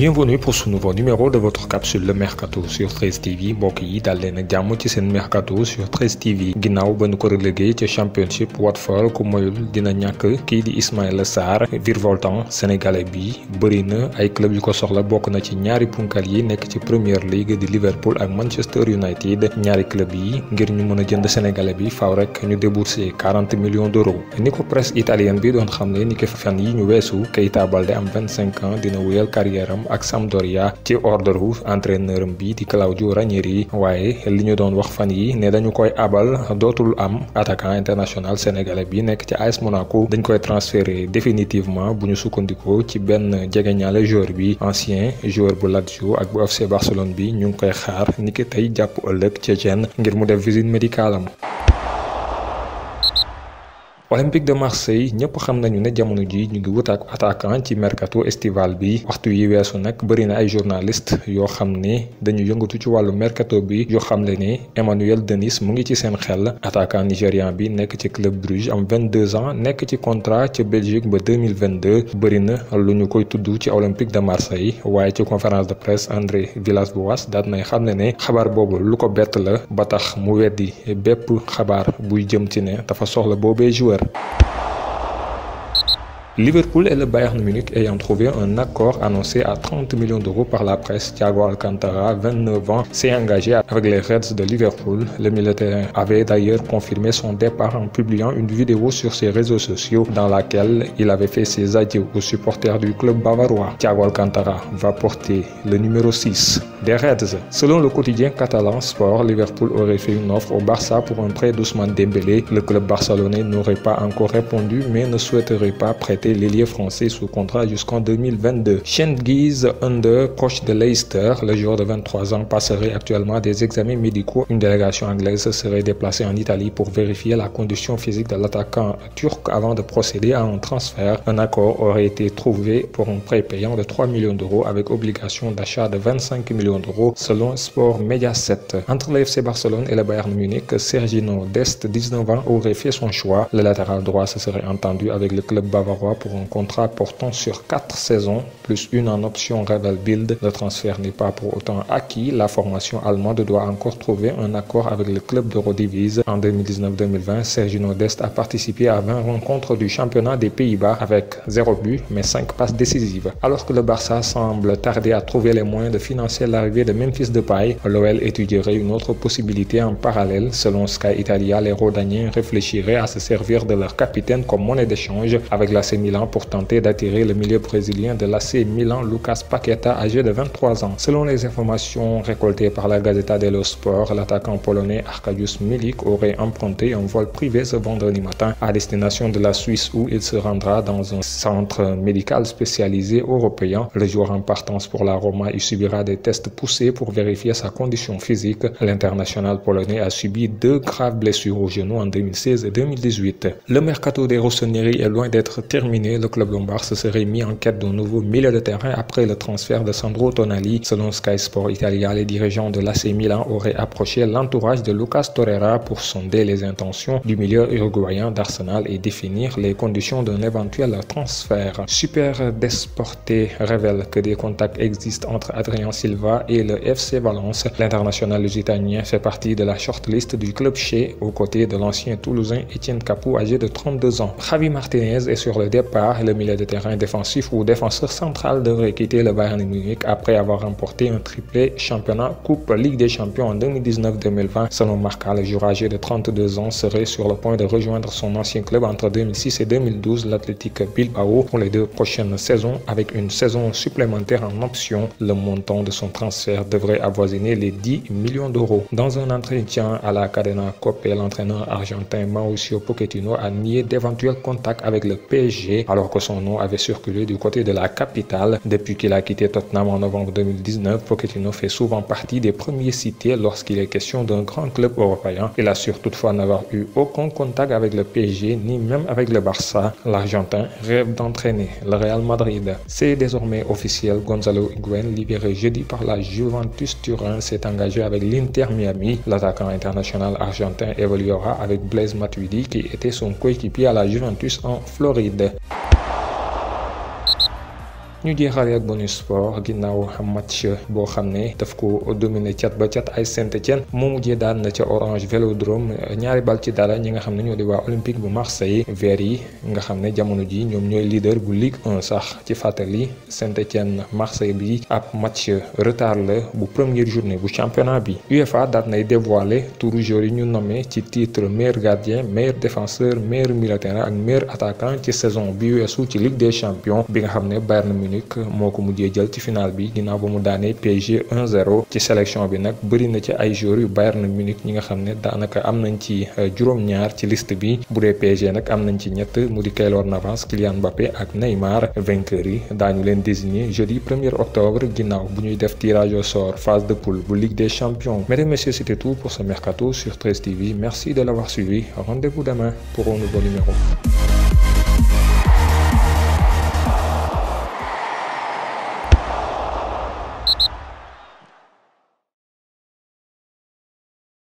bienvenue pour ce nouveau numéro de votre capsule le mercato sur 13 TV mbokk dalena jamu ci mercato sur 13 TV Ginaaw ba ko relégué ci championship Watford ko moyul dina ñàkk ki di Ismaïla Sarr virvoltant sénégalais bi bari na ay club yu ko soxla bokk na ci ñaari punkal yi ci Premier League di Liverpool ak Manchester United ñaari club yi ngir ñu mëna jënd sénégalais bi faaw rek ñu déboursé 40 millions d'euros ni ko presse italienne bi doon xamné ni nouvelle fan yi ñu wessu Keita Baldé am 25 ans dina wuyal carrière ak Sampdoria ci ordre wu entraîneur am bi di Claudio Ranieri waaye li ñu doon wax fan yi ne dañu koy abal dootul am attaquant international sénégalais bi nekk ci AS Monaco dañ koy transféré définitivement bu ñu sukkandikoo ci benn jegeñaale joueur bi ancien joueur bu Lazio ak bu FC Barcelone bi ñu ngi koy xaar niki tey jàpp ëllëg ci Genk ngir mu def visite médicale Olympique de Marseille ñëpp xam nañu ne jamono ji ñu ngi wut ak attaquant ci mercato estival bi waxtu yi weesu nag bëri na ay journaliste yoo xam ne dañu yëngatu ci wàllu mercato bi yoo xam ne ne Emmanuel Denis mu ngi ci seen xel attaquant nigérian bi nekk ci club Bruges am 22 ans nekk ci contrat ca Belgique ba 2022 bëri na lu ñu koy tudd ci Olympique de Marseille waaye ci conférence de presse André Villas-Boas daat nay xam ne ne xabaar boobu lu ko bett la ba tax mu weddi bépp xabaar buy jëm ci ne dafa soxla boobee River. Liverpool et le Bayern Munich ayant trouvé un accord annoncé à 30 millions d'euros par la presse, Thiago Alcantara, 29 ans, s'est engagé avec les Reds de Liverpool. Le militaire avait d'ailleurs confirmé son départ en publiant une vidéo sur ses réseaux sociaux dans laquelle il avait fait ses adieux aux supporters du club bavarois. Thiago Alcantara va porter le numéro 6 des Reds. Selon le quotidien catalan Sport, Liverpool aurait fait une offre au Barça pour un prêt doucement Dembélé. Le club barcelonais n'aurait pas encore répondu mais ne souhaiterait pas prêter les l'ailier français sous contrat jusqu'en 2022. guise Under, proche de Leicester, le joueur de 23 ans passerait actuellement des examens médicaux. Une délégation anglaise serait déplacée en Italie pour vérifier la condition physique de l'attaquant turc avant de procéder à un transfert. Un accord aurait été trouvé pour un prêt payant de 3 millions d'euros avec obligation d'achat de 25 millions d'euros selon Sport Media 7. Entre le FC Barcelone et le Bayern Munich, Sergino Dest, 19 ans, aurait fait son choix. Le latéral droit se serait entendu avec le club bavarois pour un contrat portant sur 4 saisons, plus une en option Rebel Build. Le transfert n'est pas pour autant acquis. La formation allemande doit encore trouver un accord avec le club d'Eurodivise. En 2019-2020, Sergio Nodeste a participé à 20 rencontres du championnat des Pays-Bas avec 0 but mais 5 passes décisives. Alors que le Barça semble tarder à trouver les moyens de financer l'arrivée de Memphis Depay, l'OL étudierait une autre possibilité en parallèle. Selon Sky Italia, les Rodaniens réfléchiraient à se servir de leur capitaine comme monnaie d'échange avec la semi Milan pour tenter d'attirer le milieu brésilien de l'AC Milan Lucas Paqueta âgé de 23 ans. Selon les informations récoltées par la Gazeta dello Sport, l'attaquant polonais Arkadiusz Milik aurait emprunté un vol privé ce vendredi matin à destination de la Suisse où il se rendra dans un centre médical spécialisé européen. Le joueur en partance pour la Roma, il subira des tests poussés pour vérifier sa condition physique. L'international polonais a subi deux graves blessures au genou en 2016 et 2018. Le mercato des Rossoneri est loin d'être terminé le club lombard se serait mis en quête d'un nouveau milieu de terrain après le transfert de Sandro Tonali. Selon Sky Sport Italia, les dirigeants de l'AC Milan auraient approché l'entourage de Lucas Torreira pour sonder les intentions du milieu uruguayen d'Arsenal et définir les conditions d'un éventuel transfert. Super Desporté révèle que des contacts existent entre Adrien Silva et le FC Valence. L'international lusitanien fait partie de la shortlist du club chez aux côtés de l'ancien Toulousain Etienne Capou âgé de 32 ans. Javi Martinez est sur le départ, le milieu de terrain défensif ou défenseur central devrait quitter le Bayern Munich après avoir remporté un triplé championnat Coupe Ligue des Champions en 2019-2020. Selon Marca, le joueur âgé de 32 ans serait sur le point de rejoindre son ancien club entre 2006 et 2012, l'Athletic Bilbao, pour les deux prochaines saisons avec une saison supplémentaire en option. Le montant de son transfert devrait avoisiner les 10 millions d'euros. Dans un entretien à la Cadena Copé, l'entraîneur argentin Mauricio Pochettino a nié d'éventuels contacts avec le PSG alors que son nom avait circulé du côté de la capitale. Depuis qu'il a quitté Tottenham en novembre 2019, Pochettino fait souvent partie des premiers cités lorsqu'il est question d'un grand club européen. Il assure toutefois n'avoir eu aucun contact avec le PSG ni même avec le Barça. L'Argentin rêve d'entraîner le Real Madrid. C'est désormais officiel, Gonzalo Higuain, libéré jeudi par la Juventus Turin, s'est engagé avec l'Inter Miami. L'attaquant international argentin évoluera avec Blaise Matuidi qui était son coéquipier à la Juventus en Floride. ñu jeexalee ak bonus sport ginnaaw match boo xam ne daf ko dominer cat ba cat ay Saint-Étienne mu mujjee daan na ca Orange Vélodrome ñaari bal ci dara ñi nga xam ne ñoo di waa Olympique bu Marseille vert yi nga xam ne jamono ji ñoom ñooy leader bu Ligue 1 sax ci fàttali Saint-Étienne Marseille bi ab match retard la bu première journée bu championnat bi UEFA daat nay dévoiler turu joueur yi ñu nommé ci titre meilleur gardien meilleur défenseur meilleur milieu terrain ak meilleur attaquant ci saison bi weesu ci Ligue des champions bi nga xam ne Bayern Munich moko mujjé mujjee jël ci final bi ginnaaw ba mu PSG 1-0 ci sélection bi nak bari na ci ay joueurs yu Bayern Munich ñi nga xamné danaka daanaka am nañ ci euh, juróom-ñaar ci liste bi bu PSG nak am nañ ci ñett mu di Keylor Navas Kylian Mbappé ak Neymar vainqueur yi dañu leen désigner jeudi 1er octobre ginnaw bu ñuy def tirage au sort phase de poule bu Ligue des champions mesdames et messieurs c'était tout pour ce mercato sur 13 TV merci de l'avoir suivi rendez-vous demain pour un nouveau numéro